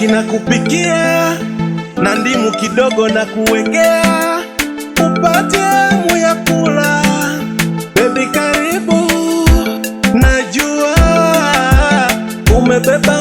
samaki na kupikia na ndimu kidogo na kuwekea, upate hamu ya kula. Bebi karibu, najua umebeba